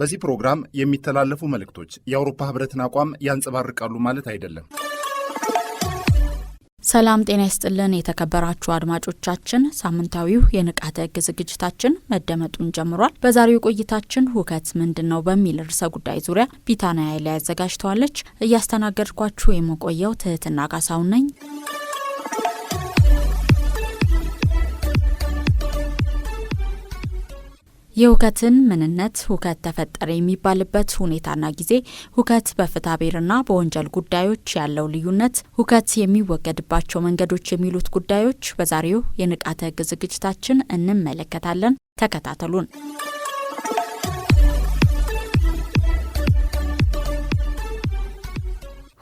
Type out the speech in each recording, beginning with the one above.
በዚህ ፕሮግራም የሚተላለፉ መልእክቶች የአውሮፓ ህብረትን አቋም ያንጸባርቃሉ ማለት አይደለም። ሰላም ጤና ይስጥልን የተከበራችሁ አድማጮቻችን፣ ሳምንታዊው የንቃተ ህግ ዝግጅታችን መደመጡን ጀምሯል። በዛሬው ቆይታችን ሁከት ምንድን ነው በሚል ርዕሰ ጉዳይ ዙሪያ ቢታንያ ላይ አዘጋጅተዋለች። እያስተናገድኳችሁ የመቆየው ትህትና ካሳው ነኝ። የሁከትን ምንነት፣ ሁከት ተፈጠረ የሚባልበት ሁኔታና ጊዜ፣ ሁከት በፍትሐ ብሔርና በወንጀል ጉዳዮች ያለው ልዩነት፣ ሁከት የሚወገድባቸው መንገዶች የሚሉት ጉዳዮች በዛሬው የንቃተ ህግ ዝግጅታችን እንመለከታለን። ተከታተሉን።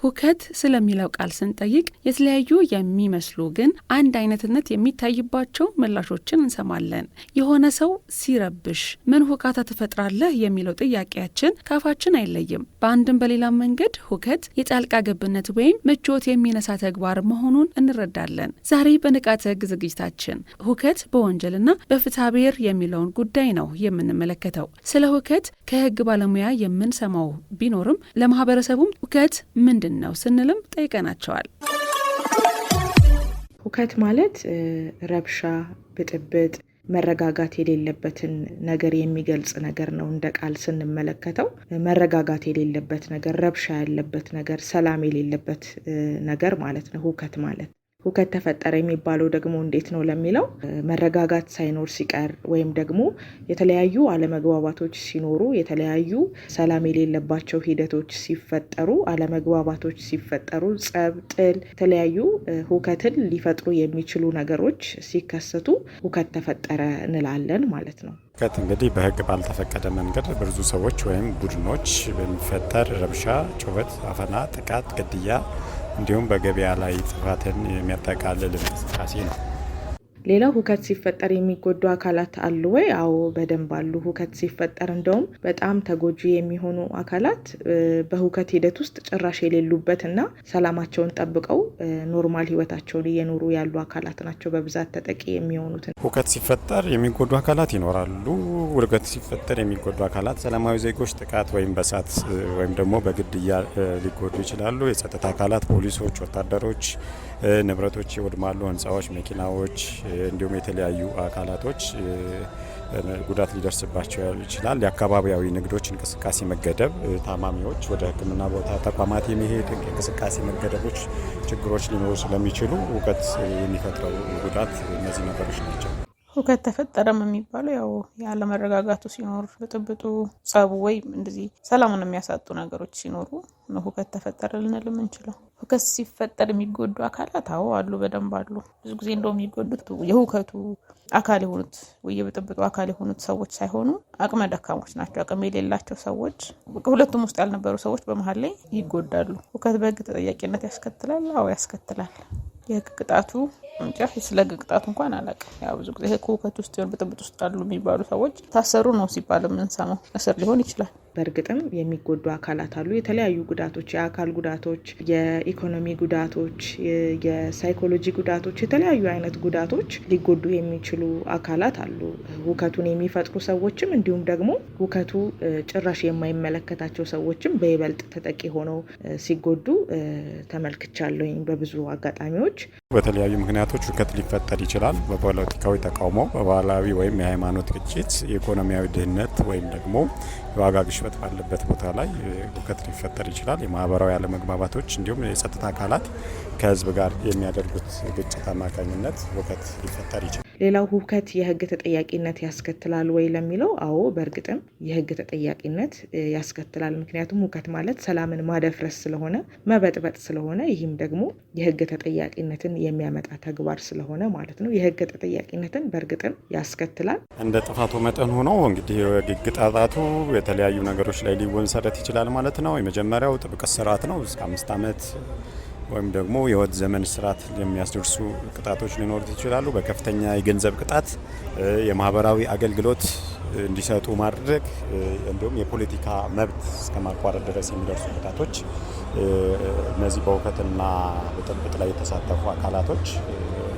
ሁከት ስለሚለው ቃል ስንጠይቅ የተለያዩ የሚመስሉ ግን አንድ አይነትነት የሚታይባቸው ምላሾችን እንሰማለን። የሆነ ሰው ሲረብሽ ምን ሁካታ ትፈጥራለህ የሚለው ጥያቄያችን ካፋችን አይለይም። በአንድም በሌላም መንገድ ሁከት የጣልቃ ገብነት ወይም ምቾት የሚነሳ ተግባር መሆኑን እንረዳለን። ዛሬ በንቃተ ህግ ዝግጅታችን ሁከት በወንጀልና በፍትሐ ብሔር የሚለውን ጉዳይ ነው የምንመለከተው። ስለ ሁከት ከህግ ባለሙያ የምንሰማው ቢኖርም ለማህበረሰቡም ሁከት ምንድን ምንድን ነው ስንልም ጠይቀናቸዋል። ሁከት ማለት ረብሻ፣ ብጥብጥ፣ መረጋጋት የሌለበትን ነገር የሚገልጽ ነገር ነው። እንደ ቃል ስንመለከተው መረጋጋት የሌለበት ነገር፣ ረብሻ ያለበት ነገር፣ ሰላም የሌለበት ነገር ማለት ነው ሁከት ማለት ሁከት ተፈጠረ የሚባለው ደግሞ እንዴት ነው ለሚለው መረጋጋት ሳይኖር ሲቀር ወይም ደግሞ የተለያዩ አለመግባባቶች ሲኖሩ የተለያዩ ሰላም የሌለባቸው ሂደቶች ሲፈጠሩ፣ አለመግባባቶች ሲፈጠሩ፣ ጸብ፣ ጥል፣ የተለያዩ ሁከትን ሊፈጥሩ የሚችሉ ነገሮች ሲከሰቱ ሁከት ተፈጠረ እንላለን ማለት ነው። ሁከት እንግዲህ በሕግ ባልተፈቀደ መንገድ ብዙ ሰዎች ወይም ቡድኖች በሚፈጠር ረብሻ፣ ጩኸት፣ አፈና፣ ጥቃት፣ ግድያ እንዲሁም በገበያ ላይ ጥፋትን የሚያጠቃልል እንቅስቃሴ ነው። ሌላው ሁከት ሲፈጠር የሚጎዱ አካላት አሉ ወይ? አዎ በደንብ አሉ። ሁከት ሲፈጠር እንደውም በጣም ተጎጂ የሚሆኑ አካላት በሁከት ሂደት ውስጥ ጭራሽ የሌሉበት እና ሰላማቸውን ጠብቀው ኖርማል ህይወታቸውን እየኖሩ ያሉ አካላት ናቸው በብዛት ተጠቂ የሚሆኑት ሁከት ሲፈጠር የሚጎዱ አካላት ይኖራሉ። ውርገት ሲፈጠር የሚጎዱ አካላት ሰላማዊ ዜጎች ጥቃት ወይም በሳት ወይም ደግሞ በግድያ ሊጎዱ ይችላሉ። የጸጥታ አካላት ፖሊሶች፣ ወታደሮች ንብረቶች ይወድማሉ፣ ህንፃዎች፣ መኪናዎች እንዲሁም የተለያዩ አካላቶች ጉዳት ሊደርስባቸው ይችላል። የአካባቢያዊ ንግዶች እንቅስቃሴ መገደብ፣ ታማሚዎች ወደ ሕክምና ቦታ ተቋማት የሚሄድ እንቅስቃሴ መገደቦች ችግሮች ሊኖሩ ስለሚችሉ እውቀት የሚፈጥረው ጉዳት እነዚህ ነገሮች ናቸው። ሁከት ተፈጠረም የሚባለው ያው ያለመረጋጋቱ ሲኖር ብጥብጡ፣ ጸቡ፣ ወይም እንደዚህ ሰላሙን የሚያሳጡ ነገሮች ሲኖሩ ሁከት ተፈጠረ ልንል የምንችለው። ሁከት ሲፈጠር የሚጎዱ አካላት አዎ አሉ፣ በደንብ አሉ። ብዙ ጊዜ እንደው የሚጎዱት የሁከቱ አካል የሆኑት ወይ የብጥብጡ አካል የሆኑት ሰዎች ሳይሆኑ አቅመ ደካሞች ናቸው። አቅም የሌላቸው ሰዎች፣ ሁለቱም ውስጥ ያልነበሩ ሰዎች በመሀል ላይ ይጎዳሉ። ሁከት በህግ ተጠያቂነት ያስከትላል? አዎ ያስከትላል። የህግ ቅጣቱ እንጃ ስለህግ ቅጣቱ እንኳን አላውቅም። ያው ብዙ ጊዜ ሁከት ውስጥ ይሆን ብጥብጥ ውስጥ አሉ የሚባሉ ሰዎች ታሰሩ ነው ሲባል የምንሰማው። እስር ሊሆን ይችላል። በእርግጥም የሚጎዱ አካላት አሉ። የተለያዩ ጉዳቶች፣ የአካል ጉዳቶች፣ የኢኮኖሚ ጉዳቶች፣ የሳይኮሎጂ ጉዳቶች፣ የተለያዩ አይነት ጉዳቶች ሊጎዱ የሚችሉ አካላት አሉ። ውከቱን የሚፈጥሩ ሰዎችም እንዲሁም ደግሞ ውከቱ ጭራሽ የማይመለከታቸው ሰዎችም በይበልጥ ተጠቂ ሆነው ሲጎዱ ተመልክቻለሁኝ በብዙ አጋጣሚዎች። ሀገሮች በተለያዩ ምክንያቶች ሁከት ሊፈጠር ይችላል። በፖለቲካዊ ተቃውሞ፣ በባህላዊ ወይም የሃይማኖት ግጭት፣ የኢኮኖሚያዊ ድህነት ወይም ደግሞ የዋጋ ግሽበት ባለበት ቦታ ላይ ሁከት ሊፈጠር ይችላል። የማህበራዊ አለመግባባቶች እንዲሁም የጸጥታ አካላት ከህዝብ ጋር የሚያደርጉት ግጭት አማካኝነት ሁከት ሊፈጠር ይችላል። ሌላው ሁከት የህግ ተጠያቂነት ያስከትላል ወይ ለሚለው፣ አዎ በእርግጥም የህግ ተጠያቂነት ያስከትላል። ምክንያቱም ሁከት ማለት ሰላምን ማደፍረስ ስለሆነ መበጥበጥ ስለሆነ ይህም ደግሞ የህግ ተጠያቂነትን የሚያመጣ ተግባር ስለሆነ ማለት ነው። የህግ ተጠያቂነትን በእርግጥም ያስከትላል። እንደ ጥፋቱ መጠን ሆኖ እንግዲህ የተለያዩ ነገሮች ላይ ሊወንሰረት ይችላል ማለት ነው። የመጀመሪያው ጥብቅ እስራት ነው። እስከ አምስት ዓመት ወይም ደግሞ የህይወት ዘመን እስራት የሚያስደርሱ ቅጣቶች ሊኖሩት ይችላሉ። በከፍተኛ የገንዘብ ቅጣት፣ የማህበራዊ አገልግሎት እንዲሰጡ ማድረግ እንዲሁም የፖለቲካ መብት እስከ ድረስ የሚደርሱ ቅጣቶች እነዚህ በውከትና ብጥብጥ ላይ የተሳተፉ አካላቶች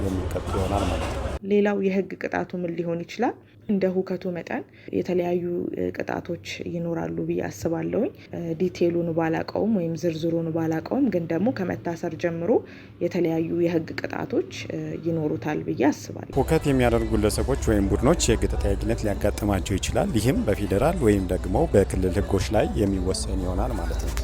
የሚቀጡ ይሆናል ማለት ነው። ሌላው የህግ ቅጣቱ ምን ሊሆን ይችላል? እንደ ሁከቱ መጠን የተለያዩ ቅጣቶች ይኖራሉ ብዬ አስባለሁኝ። ዲቴሉን ባላቀውም ወይም ዝርዝሩን ባላቀውም ግን ደግሞ ከመታሰር ጀምሮ የተለያዩ የህግ ቅጣቶች ይኖሩታል ብዬ አስባለሁ። ሁከት የሚያደርጉ ግለሰቦች ወይም ቡድኖች የህግ ተጠያቂነት ሊያጋጥማቸው ይችላል። ይህም በፌዴራል ወይም ደግሞ በክልል ህጎች ላይ የሚወሰን ይሆናል ማለት ነው።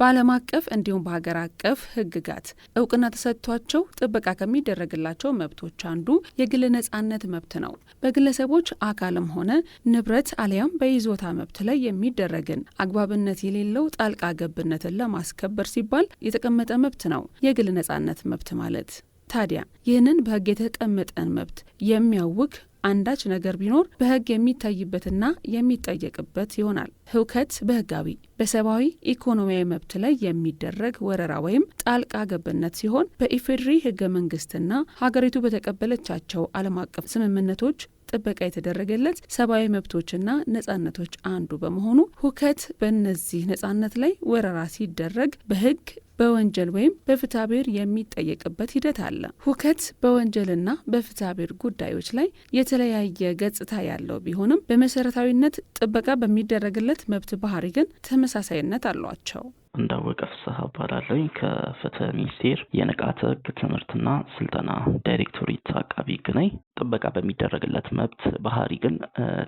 በዓለም አቀፍ እንዲሁም በሀገር አቀፍ ህግጋት እውቅና ተሰጥቷቸው ጥበቃ ከሚደረግላቸው መብቶች አንዱ የግል ነጻነት መብት ነው። በግለሰቦች አካልም ሆነ ንብረት አሊያም በይዞታ መብት ላይ የሚደረግን አግባብነት የሌለው ጣልቃ ገብነትን ለማስከበር ሲባል የተቀመጠ መብት ነው የግል ነጻነት መብት ማለት። ታዲያ ይህንን በህግ የተቀመጠን መብት የሚያውክ አንዳች ነገር ቢኖር በህግ የሚታይበትና የሚጠየቅበት ይሆናል። ህውከት በህጋዊ በሰብአዊ ኢኮኖሚያዊ መብት ላይ የሚደረግ ወረራ ወይም ጣልቃ ገብነት ሲሆን በኢፌዴሪ ህገ መንግስትና ሀገሪቱ በተቀበለቻቸው ዓለም አቀፍ ስምምነቶች ጥበቃ የተደረገለት ሰብአዊ መብቶችና ነጻነቶች አንዱ በመሆኑ ሁከት በእነዚህ ነጻነት ላይ ወረራ ሲደረግ በህግ በወንጀል ወይም በፍትሐብሔር የሚጠየቅበት ሂደት አለ። ሁከት በወንጀልና በፍትሐብሔር ጉዳዮች ላይ የተለያየ ገጽታ ያለው ቢሆንም በመሰረታዊነት ጥበቃ በሚደረግለት መብት ባህሪ ግን ተመሳሳይነት አሏቸው። እንዳወቀ ፍስሐ እባላለሁ። ከፍትህ ሚኒስቴር የንቃተ ህግ ትምህርትና ስልጠና ዳይሬክቶሬት አቃቢ ህግ ነኝ። ጥበቃ በሚደረግለት መብት ባህሪ ግን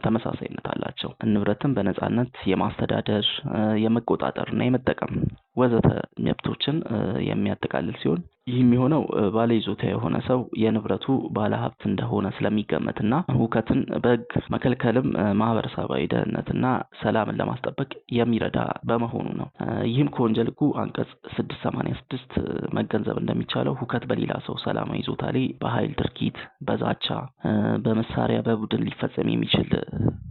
ተመሳሳይነት አላቸው። ንብረትን በነጻነት የማስተዳደር የመቆጣጠር እና የመጠቀም ወዘተ መብቶችን የሚያጠቃልል ሲሆን ይህ የሚሆነው ይዞታ የሆነ ሰው የንብረቱ ባለሀብት እንደሆነ ስለሚገመትና ሁከትን በግ መከልከልም ማህበረሰባዊ ደህንነትና ሰላምን ለማስጠበቅ የሚረዳ በመሆኑ ነው። ይህም ከወንጀል ሕጉ አንቀጽ ስድስት ሰማንያ ስድስት መገንዘብ እንደሚቻለው ሁከት በሌላ ሰው ሰላማዊ ይዞታ ላይ በኃይል ድርጊት፣ በዛቻ፣ በመሳሪያ በቡድን ሊፈጸም የሚችል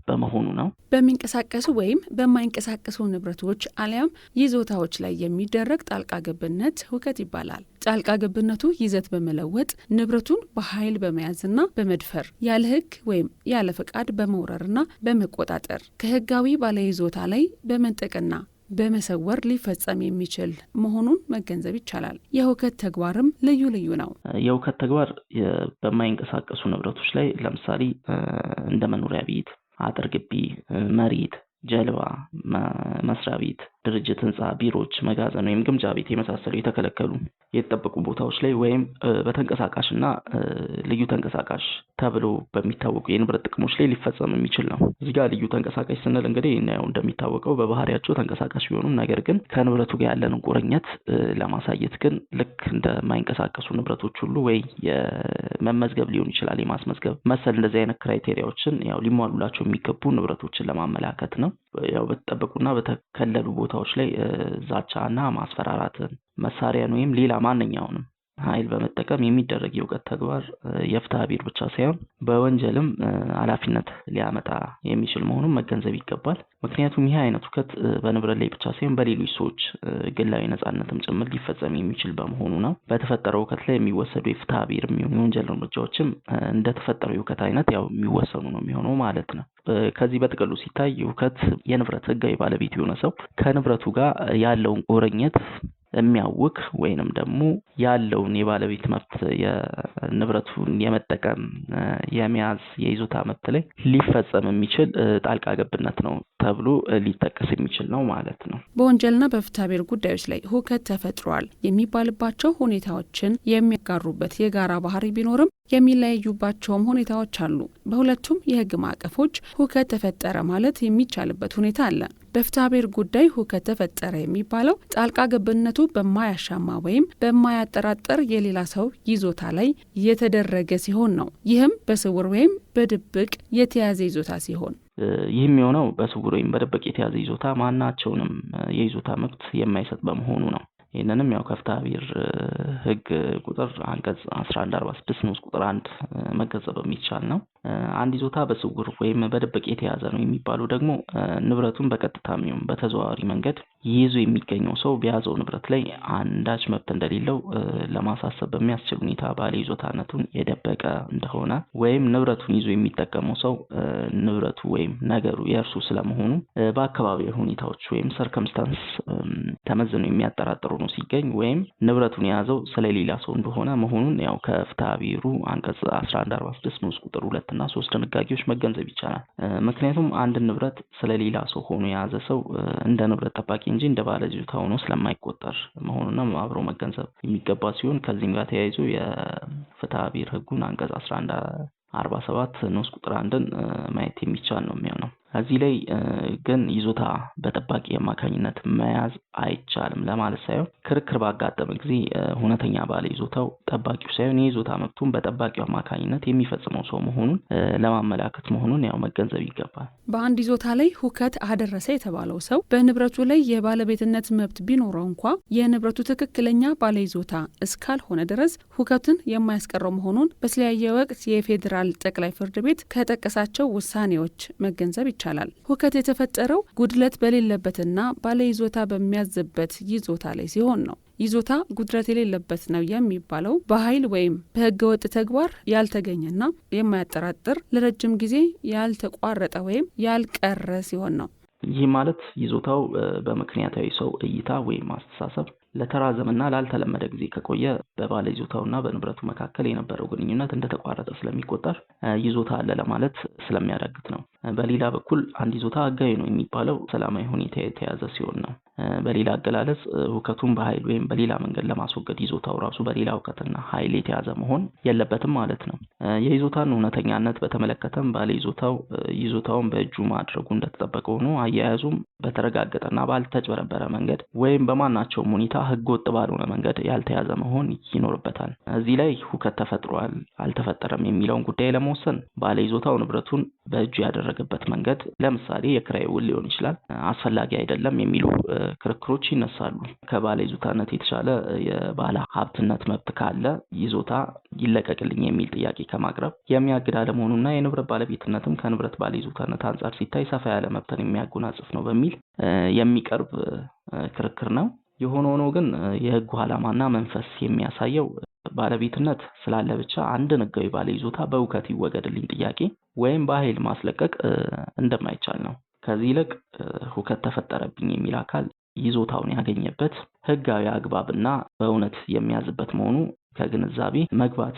በመሆኑ ነው። በሚንቀሳቀሱ ወይም በማይንቀሳቀሱ ንብረቶች አሊያም ይዞታዎች ላይ የሚደረግ ጣልቃ ገብነት ሁከት ይባላል። ጣልቃ ገብነቱ ይዘት በመለወጥ ንብረቱን በኃይል በመያዝና በመድፈር ያለ ሕግ ወይም ያለ ፈቃድ በመውረርና በመቆጣጠር ከህጋዊ ባለይዞታ ላይ በመንጠቅና በመሰወር ሊፈጸም የሚችል መሆኑን መገንዘብ ይቻላል። የሁከት ተግባርም ልዩ ልዩ ነው። የሁከት ተግባር በማይንቀሳቀሱ ንብረቶች ላይ ለምሳሌ እንደ መኖሪያ ቤት፣ አጥር ግቢ፣ መሬት፣ ጀልባ፣ መስሪያ ቤት ድርጅት ህንፃ፣ ቢሮዎች፣ መጋዘን ወይም ግምጃ ቤት የመሳሰሉ የተከለከሉ የተጠበቁ ቦታዎች ላይ ወይም በተንቀሳቃሽ እና ልዩ ተንቀሳቃሽ ተብሎ በሚታወቁ የንብረት ጥቅሞች ላይ ሊፈጸም የሚችል ነው። እዚህ ጋር ልዩ ተንቀሳቃሽ ስንል እንግዲህ ያው እንደሚታወቀው በባህሪያቸው ተንቀሳቃሽ ቢሆኑም ነገር ግን ከንብረቱ ጋር ያለን ቁርኝት ለማሳየት ግን ልክ እንደማይንቀሳቀሱ ንብረቶች ሁሉ ወይ የመመዝገብ ሊሆን ይችላል የማስመዝገብ መሰል እንደዚህ አይነት ክራይቴሪያዎችን ያው ሊሟሉላቸው የሚገቡ ንብረቶችን ለማመላከት ነው። ያው በተጠበቁና በተከለሉ ቦታዎች ላይ ዛቻ እና ማስፈራራትን መሳሪያን ወይም ሌላ ማንኛውንም ኃይል በመጠቀም የሚደረግ የእውቀት ተግባር የፍትሐ ብሔር ብቻ ሳይሆን በወንጀልም ኃላፊነት ሊያመጣ የሚችል መሆኑን መገንዘብ ይገባል። ምክንያቱም ይህ አይነት ውከት በንብረት ላይ ብቻ ሳይሆን በሌሎች ሰዎች ግላዊ ነጻነትም ጭምር ሊፈጸም የሚችል በመሆኑ ነው። በተፈጠረው ሁከት ላይ የሚወሰዱ የፍትሐ ብሔር የሚሆኑ የወንጀል እርምጃዎችም እንደተፈጠረው የሁከት አይነት ያው የሚወሰኑ ነው የሚሆነው ማለት ነው። ከዚህ በጥቅሉ ሲታይ ሁከት የንብረት ህጋዊ ባለቤት የሆነ ሰው ከንብረቱ ጋር ያለውን ቁርኝት የሚያውክ ወይንም ደግሞ ያለውን የባለቤት መብት የንብረቱን የመጠቀም የመያዝ የይዞታ መብት ላይ ሊፈጸም የሚችል ጣልቃ ገብነት ነው ተብሎ ሊጠቀስ የሚችል ነው ማለት ነው። በወንጀልና በፍትሐ ብሔር ጉዳዮች ላይ ሁከት ተፈጥሯል የሚባልባቸው ሁኔታዎችን የሚያጋሩበት የጋራ ባህሪ ቢኖርም የሚለያዩባቸውም ሁኔታዎች አሉ። በሁለቱም የህግ ማዕቀፎች ሁከት ተፈጠረ ማለት የሚቻልበት ሁኔታ አለ። በፍትሐብሔር ጉዳይ ሁከት ተፈጠረ የሚባለው ጣልቃ ገብነቱ በማያሻማ ወይም በማያጠራጥር የሌላ ሰው ይዞታ ላይ የተደረገ ሲሆን ነው። ይህም በስውር ወይም በድብቅ የተያዘ ይዞታ ሲሆን ይህም የሆነው በስውር ወይም በድብቅ የተያዘ ይዞታ ማናቸውንም የይዞታ መብት የማይሰጥ በመሆኑ ነው። ይህንንም ያው ከፍትሐብሔር ህግ ቁጥር አንቀጽ አስራ አንድ አርባ ስድስት ንዑስ ቁጥር አንድ መገንዘብ የሚቻል ነው። አንድ ይዞታ በስውር ወይም በድብቅ የተያዘ ነው የሚባለው ደግሞ ንብረቱን በቀጥታ የሚሆን በተዘዋዋሪ መንገድ ይዞ የሚገኘው ሰው በያዘው ንብረት ላይ አንዳች መብት እንደሌለው ለማሳሰብ በሚያስችል ሁኔታ ባለ ይዞታነቱን የደበቀ እንደሆነ ወይም ንብረቱን ይዞ የሚጠቀመው ሰው ንብረቱ ወይም ነገሩ የእርሱ ስለመሆኑ በአካባቢ ሁኔታዎች ወይም ሰርከምስታንስ ተመዝነው የሚያጠራጥሩ ነው ሲገኝ ወይም ንብረቱን የያዘው ስለሌላ ሰው እንደሆነ መሆኑን ያው ከፍትሐ ብሔሩ አንቀጽ 1146 ንዑስ ቁጥር ሁለት እና ሶስት ድንጋጌዎች መገንዘብ ይቻላል። ምክንያቱም አንድ ንብረት ስለሌላ ሰው ሆኖ የያዘ ሰው እንደ ንብረት ጠባቂ እንጂ እንደ ባለይዞታ ሆኖ ስለማይቆጠር መሆኑና አብሮ መገንዘብ የሚገባ ሲሆን ከዚህም ጋር ተያይዞ የፍትሐ ብሔር ህጉን አንቀጽ አስራ አንድ አርባ ሰባት ንዑስ ቁጥር አንድን ማየት የሚቻል ነው የሚሆነው። እዚህ ላይ ግን ይዞታ በጠባቂ አማካኝነት መያዝ አይቻልም ለማለት ሳይሆን ክርክር ባጋጠመ ጊዜ እውነተኛ ባለ ይዞታው ጠባቂው ሳይሆን የይዞታ መብቱን በጠባቂው አማካኝነት የሚፈጽመው ሰው መሆኑን ለማመላከት መሆኑን ያው መገንዘብ ይገባል። በአንድ ይዞታ ላይ ሁከት አደረሰ የተባለው ሰው በንብረቱ ላይ የባለቤትነት መብት ቢኖረው እንኳ የንብረቱ ትክክለኛ ባለ ይዞታ እስካልሆነ ድረስ ሁከትን የማያስቀረው መሆኑን በተለያየ ወቅት የፌዴራል ጠቅላይ ፍርድ ቤት ከጠቀሳቸው ውሳኔዎች መገንዘብ ይቻላል። ይቻላል። ሁከት የተፈጠረው ጉድለት በሌለበትና ባለ ይዞታ በሚያዝበት ይዞታ ላይ ሲሆን ነው። ይዞታ ጉድረት የሌለበት ነው የሚባለው በኃይል ወይም በህገወጥ ተግባር ያልተገኘና የማያጠራጥር ለረጅም ጊዜ ያልተቋረጠ ወይም ያልቀረ ሲሆን ነው። ይህ ማለት ይዞታው በምክንያታዊ ሰው እይታ ወይም አስተሳሰብ ለተራዘመና ላልተለመደ ጊዜ ከቆየ በባለ ይዞታውና በንብረቱ መካከል የነበረው ግንኙነት እንደተቋረጠ ስለሚቆጠር ይዞታ አለ ለማለት ስለሚያዳግት ነው። በሌላ በኩል አንድ ይዞታ አጋይ ነው የሚባለው ሰላማዊ ሁኔታ የተያዘ ሲሆን ነው። በሌላ አገላለጽ ሁከቱን በኃይል ወይም በሌላ መንገድ ለማስወገድ ይዞታው ራሱ በሌላ እውቀትና ኃይል የተያዘ መሆን የለበትም ማለት ነው። የይዞታን እውነተኛነት በተመለከተም ባለ ይዞታው ይዞታውን በእጁ ማድረጉ እንደተጠበቀ ሆኖ አያያዙም በተረጋገጠና ባልተጭበረበረ መንገድ ወይም በማናቸውም ሁኔታ ህገወጥ ባልሆነ መንገድ ያልተያዘ መሆን ይኖርበታል። እዚህ ላይ ሁከት ተፈጥሯል አልተፈጠረም የሚለውን ጉዳይ ለመወሰን ባለይዞታው ንብረቱን በእጁ ያደረገበት መንገድ ለምሳሌ የክራይ ውል ሊሆን ይችላል፣ አስፈላጊ አይደለም የሚሉ ክርክሮች ይነሳሉ። ከባለይዞታነት የተሻለ የባለ ሀብትነት መብት ካለ ይዞታ ይለቀቅልኝ የሚል ጥያቄ ከማቅረብ የሚያግድ አለመሆኑና የንብረት ባለቤትነትም ከንብረት ባለይዞታነት አንጻር ሲታይ ሰፋ ያለ መብትን የሚያጎናጽፍ ነው በሚል በሚል የሚቀርብ ክርክር ነው። የሆነ ሆኖ ግን የህጉ ዓላማና መንፈስ የሚያሳየው ባለቤትነት ስላለ ብቻ አንድን ህጋዊ ባለ ይዞታ በእውከት ይወገድልኝ ጥያቄ ወይም በኃይል ማስለቀቅ እንደማይቻል ነው። ከዚህ ይልቅ ሁከት ተፈጠረብኝ የሚል አካል ይዞታውን ያገኘበት ህጋዊ አግባብና በእውነት የሚያዝበት መሆኑ ከግንዛቤ መግባት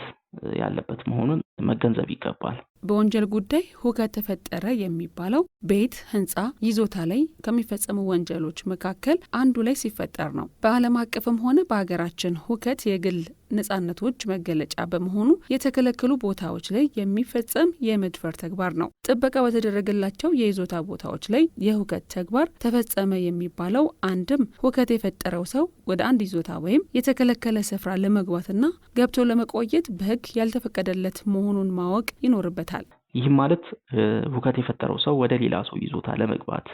ያለበት መሆኑን መገንዘብ ይገባል። በወንጀል ጉዳይ ሁከት ተፈጠረ የሚባለው ቤት፣ ህንፃ፣ ይዞታ ላይ ከሚፈጸሙ ወንጀሎች መካከል አንዱ ላይ ሲፈጠር ነው። በዓለም አቀፍም ሆነ በሀገራችን ሁከት የግል ነጻነቶች መገለጫ በመሆኑ የተከለከሉ ቦታዎች ላይ የሚፈጸም የመድፈር ተግባር ነው። ጥበቃ በተደረገላቸው የይዞታ ቦታዎች ላይ የሁከት ተግባር ተፈጸመ የሚባለው አንድም ሁከት የፈጠረው ሰው ወደ አንድ ይዞታ ወይም የተከለከለ ስፍራ ለመግባትና ገብቶ ለመቆየት በሕግ ያልተፈቀደለት መሆኑን ማወቅ ይኖርበታል። ይህም ማለት ሁከት የፈጠረው ሰው ወደ ሌላ ሰው ይዞታ ለመግባት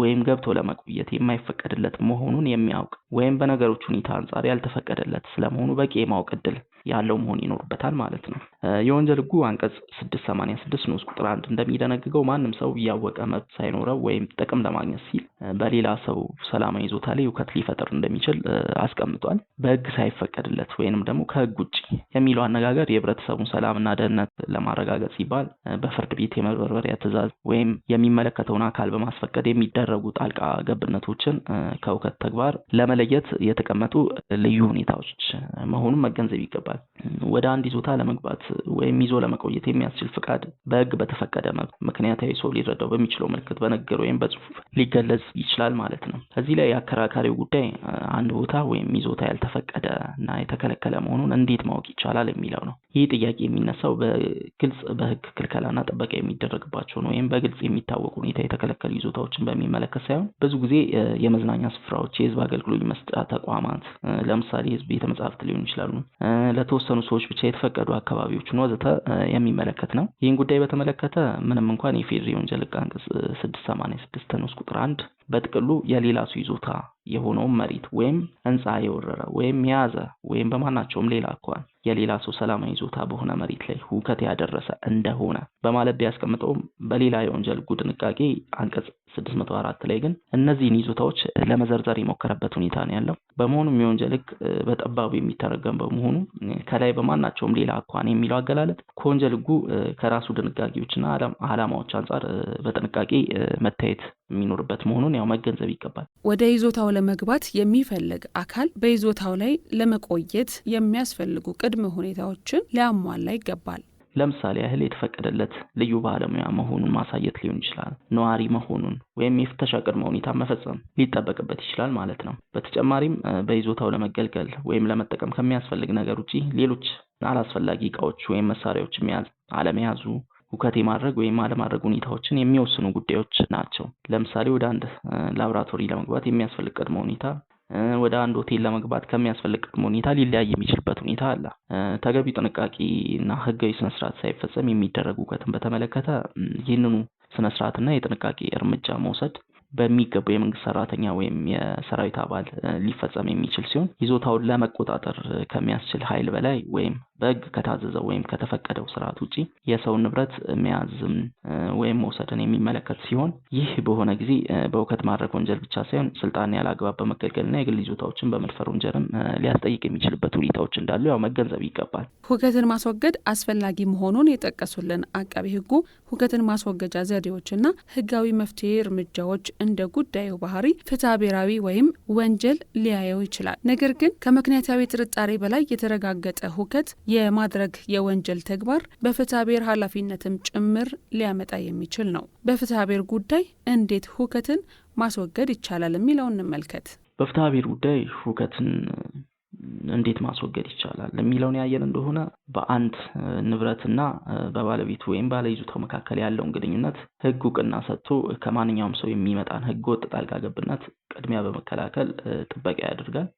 ወይም ገብቶ ለመቆየት የማይፈቀድለት መሆኑን የሚያውቅ ወይም በነገሮች ሁኔታ አንጻር ያልተፈቀደለት ስለመሆኑ በቂ የማወቅ እድል ያለው መሆን ይኖርበታል ማለት ነው። የወንጀል ህጉ አንቀጽ 686 ንዑስ ቁጥር አንድ እንደሚደነግገው ማንም ሰው እያወቀ መብት ሳይኖረው ወይም ጥቅም ለማግኘት ሲል በሌላ ሰው ሰላማዊ ይዞታ ላይ እውከት ሊፈጥር እንደሚችል አስቀምጧል። በህግ ሳይፈቀድለት ወይንም ደግሞ ከህግ ውጭ የሚለው አነጋገር የህብረተሰቡን ሰላምና ደህንነት ለማረጋገጥ ሲባል በፍርድ ቤት የመበርበሪያ ትዕዛዝ ወይም የሚመለከተውን አካል በማስፈቀድ የሚደረጉ ጣልቃ ገብነቶችን ከእውከት ተግባር ለመለየት የተቀመጡ ልዩ ሁኔታዎች መሆኑን መገንዘብ ይገባል። ወደ አንድ ይዞታ ለመግባት ወይም ይዞ ለመቆየት የሚያስችል ፍቃድ በህግ በተፈቀደ መብት ምክንያታዊ ሰው ሊረዳው በሚችለው ምልክት በንግግር ወይም በጽሁፍ ሊገለጽ ይችላል ማለት ነው። እዚህ ላይ የአከራካሪው ጉዳይ አንድ ቦታ ወይም ይዞታ ያልተፈቀደ እና የተከለከለ መሆኑን እንዴት ማወቅ ይቻላል የሚለው ነው። ይህ ጥያቄ የሚነሳው በግልጽ በህግ ክልከላና ጥበቃ የሚደረግባቸውን ወይም በግልጽ የሚታወቅ ሁኔታ የተከለከሉ ይዞታዎችን በሚመለከት ሳይሆን ብዙ ጊዜ የመዝናኛ ስፍራዎች፣ የህዝብ አገልግሎት መስጫ ተቋማት ለምሳሌ ህዝብ ቤተ ሊሆን ሊሆኑ ይችላሉ፣ ለተወሰኑ ሰዎች ብቻ የተፈቀዱ አካባቢዎች ሌሎችን ወዘተ የሚመለከት ነው። ይህን ጉዳይ በተመለከተ ምንም እንኳን የፌድሪ ወንጀል ሕግ አንቀጽ ስድስት ንዑስ ቁጥር 1 በጥቅሉ የሌላ ሰው ይዞታ የሆነውን መሬት ወይም ህንፃ የወረረ ወይም የያዘ ወይም በማናቸውም ሌላ እንኳን የሌላ ሰው ሰላማዊ ይዞታ በሆነ መሬት ላይ ሁከት ያደረሰ እንደሆነ በማለት ቢያስቀምጠውም በሌላ የወንጀል ሕጉ ድንጋጌ አንቀጽ 604 ላይ ግን እነዚህን ይዞታዎች ለመዘርዘር የሞከረበት ሁኔታ ነው ያለው። በመሆኑም የወንጀል ህግ በጠባቡ የሚተረገም በመሆኑ ከላይ በማናቸውም ሌላ አኳን የሚለው አገላለጥ ከወንጀል ህጉ ከራሱ ድንጋጌዎችና አላማዎች አንጻር በጥንቃቄ መታየት የሚኖርበት መሆኑን ያው መገንዘብ ይገባል። ወደ ይዞታው ለመግባት የሚፈልግ አካል በይዞታው ላይ ለመቆየት የሚያስፈልጉ ቅድመ ሁኔታዎችን ሊያሟላ ይገባል። ለምሳሌ ያህል የተፈቀደለት ልዩ ባለሙያ መሆኑን ማሳየት ሊሆን ይችላል። ነዋሪ መሆኑን ወይም የፍተሻ ቅድመ ሁኔታ መፈጸም ሊጠበቅበት ይችላል ማለት ነው። በተጨማሪም በይዞታው ለመገልገል ወይም ለመጠቀም ከሚያስፈልግ ነገር ውጪ ሌሎች አላስፈላጊ እቃዎች ወይም መሳሪያዎች መያዝ አለመያዙ ውከት የማድረግ ወይም አለማድረግ ሁኔታዎችን የሚወስኑ ጉዳዮች ናቸው። ለምሳሌ ወደ አንድ ላብራቶሪ ለመግባት የሚያስፈልግ ቅድመ ሁኔታ ወደ አንድ ሆቴል ለመግባት ከሚያስፈልግ ሁኔታ ሊለያይ የሚችልበት ሁኔታ አለ። ተገቢ ጥንቃቄ እና ህጋዊ ስነስርዓት ሳይፈጸም የሚደረግ ሁከትን በተመለከተ ይህንኑ ስነስርዓትና የጥንቃቄ እርምጃ መውሰድ በሚገቡ የመንግስት ሰራተኛ ወይም የሰራዊት አባል ሊፈጸም የሚችል ሲሆን ይዞታውን ለመቆጣጠር ከሚያስችል ኃይል በላይ ወይም በህግ ከታዘዘው ወይም ከተፈቀደው ስርዓት ውጪ የሰው ንብረት መያዝም ወይም መውሰድን የሚመለከት ሲሆን ይህ በሆነ ጊዜ በእውከት ማድረግ ወንጀል ብቻ ሳይሆን ስልጣን ያለ አግባብ በመገልገልና የግል ይዞታዎችን በመድፈር ወንጀልም ሊያስጠይቅ የሚችልበት ሁኔታዎች እንዳሉ ያው መገንዘብ ይገባል። ሁከትን ማስወገድ አስፈላጊ መሆኑን የጠቀሱልን አቃቢ ህጉ ሁከትን ማስወገጃ ዘዴዎችና ህጋዊ መፍትሄ እርምጃዎች እንደ ጉዳዩ ባህሪ ፍትሐ ብሔራዊ ወይም ወንጀል ሊያየው ይችላል። ነገር ግን ከምክንያታዊ ጥርጣሬ በላይ የተረጋገጠ ሁከት የማድረግ የወንጀል ተግባር በፍትሐ ብሔር ኃላፊነትም ጭምር ሊያመጣ የሚችል ነው። በፍትሐ ብሔር ጉዳይ እንዴት ሁከትን ማስወገድ ይቻላል የሚለው እንመልከት። በፍትሐ ብሔር ጉዳይ ሁከትን እንዴት ማስወገድ ይቻላል የሚለውን ያየን እንደሆነ በአንድ ንብረትና በባለቤቱ ወይም ባለይዞታው መካከል ያለውን ግንኙነት ህግ እውቅና ሰጥቶ ከማንኛውም ሰው የሚመጣን ህግ ወጥ ጣልቃ ገብነት ቅድሚያ በመከላከል ጥበቃ ያደርጋል።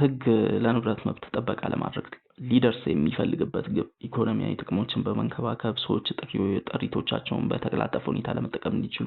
ህግ ለንብረት መብት ጥበቃ ለማድረግ ሊደርስ የሚፈልግበት ግብ ኢኮኖሚያዊ ጥቅሞችን በመንከባከብ ሰዎች ጥሪቶቻቸውን በተቀላጠፈ ሁኔታ ለመጠቀም እንዲችሉ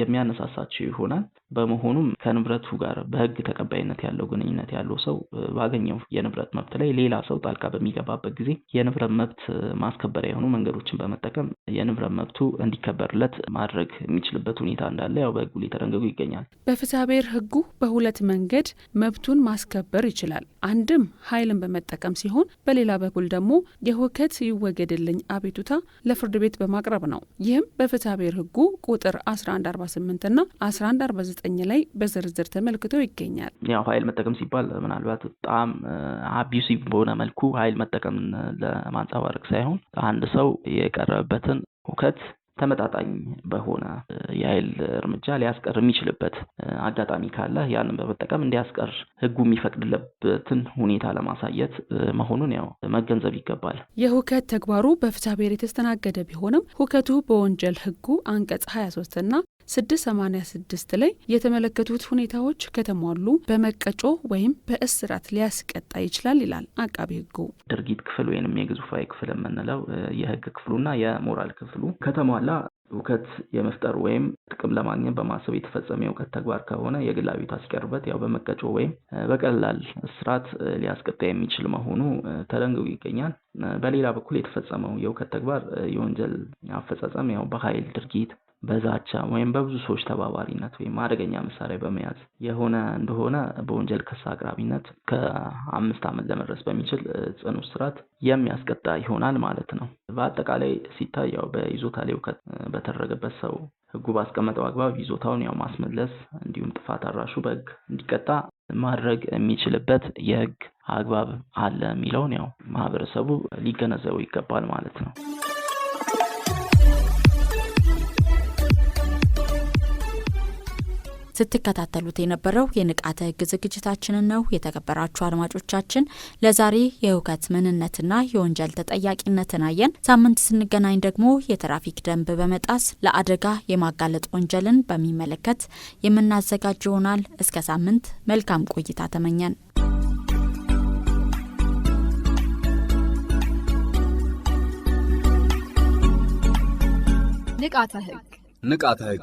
የሚያነሳሳቸው ይሆናል። በመሆኑም ከንብረቱ ጋር በህግ ተቀባይነት ያለው ግንኙነት ያለው ሰው ባገኘው የንብረት መብት ላይ ሌላ ሰው ጣልቃ በሚገባበት ጊዜ የንብረት መብት ማስከበሪያ የሆኑ መንገዶችን በመጠቀም የንብረት መብቱ እንዲከበርለት ማድረግ የሚችልበት ሁኔታ እንዳለ ያው በህጉ ላይ ተደንግጎ ይገኛል። በፍትሐ ብሔር ህጉ በሁለት መንገድ መብቱን ማስከበር ይችላል። አንድም ኃይልን በመጠቀም ሲሆን፣ በሌላ በኩል ደግሞ የሁከት ይወገድልኝ አቤቱታ ለፍርድ ቤት በማቅረብ ነው። ይህም በፍትሐ ብሔር ህጉ ቁጥር 1148 እና 1149 ላይ በዝርዝር ተመልክቶ ይገኛል። ያው ኃይል መጠቀም ሲባል ምናልባት በጣም አቢዩሲቭ በሆነ መልኩ ኃይል መጠቀም ለማንጸባረቅ ሳይሆን አንድ ሰው የቀረበበትን ሁከት ተመጣጣኝ በሆነ የኃይል እርምጃ ሊያስቀር የሚችልበት አጋጣሚ ካለ ያንን በመጠቀም እንዲያስቀር ሕጉ የሚፈቅድለበትን ሁኔታ ለማሳየት መሆኑን ያው መገንዘብ ይገባል። የሁከት ተግባሩ በፍትሐ ብሔር የተስተናገደ ቢሆንም ሁከቱ በወንጀል ሕጉ አንቀጽ 23 እና 686 ላይ የተመለከቱት ሁኔታዎች ከተሟሉ በመቀጮ ወይም በእስራት ሊያስቀጣ ይችላል ይላል አቃቢ ህጉ ድርጊት ክፍል ወይንም የግዙፋዊ ክፍል የምንለው የህግ ክፍሉና የሞራል ክፍሉ ከተሟላ እውከት የመፍጠር ወይም ጥቅም ለማግኘት በማሰብ የተፈጸመ የእውከት ተግባር ከሆነ የግል ሲቀርበት ያው በመቀጮ ወይም በቀላል እስራት ሊያስቀጣ የሚችል መሆኑ ተደንግጎ ይገኛል። በሌላ በኩል የተፈጸመው የእውከት ተግባር የወንጀል አፈጻጸም ያው በኃይል ድርጊት በዛቻ ወይም በብዙ ሰዎች ተባባሪነት ወይም አደገኛ መሳሪያ በመያዝ የሆነ እንደሆነ በወንጀል ክስ አቅራቢነት ከአምስት ዓመት ለመድረስ በሚችል ጽኑ እስራት የሚያስቀጣ ይሆናል ማለት ነው። በአጠቃላይ ሲታይ ያው በይዞታ ላይ በተደረገበት ሰው ህጉ ባስቀመጠው አግባብ ይዞታውን ያው ማስመለስ እንዲሁም ጥፋት አድራሹ በህግ እንዲቀጣ ማድረግ የሚችልበት የህግ አግባብ አለ የሚለውን ያው ማህበረሰቡ ሊገነዘበው ይገባል ማለት ነው። ስትከታተሉት የነበረው የንቃተ ህግ ዝግጅታችንን ነው። የተከበራችሁ አድማጮቻችን ለዛሬ የእውከት ምንነትና የወንጀል ተጠያቂነትን አየን። ሳምንት ስንገናኝ ደግሞ የትራፊክ ደንብ በመጣስ ለአደጋ የማጋለጥ ወንጀልን በሚመለከት የምናዘጋጅ ይሆናል። እስከ ሳምንት መልካም ቆይታ ተመኘን። ንቃተ ህግ ንቃተ ህግ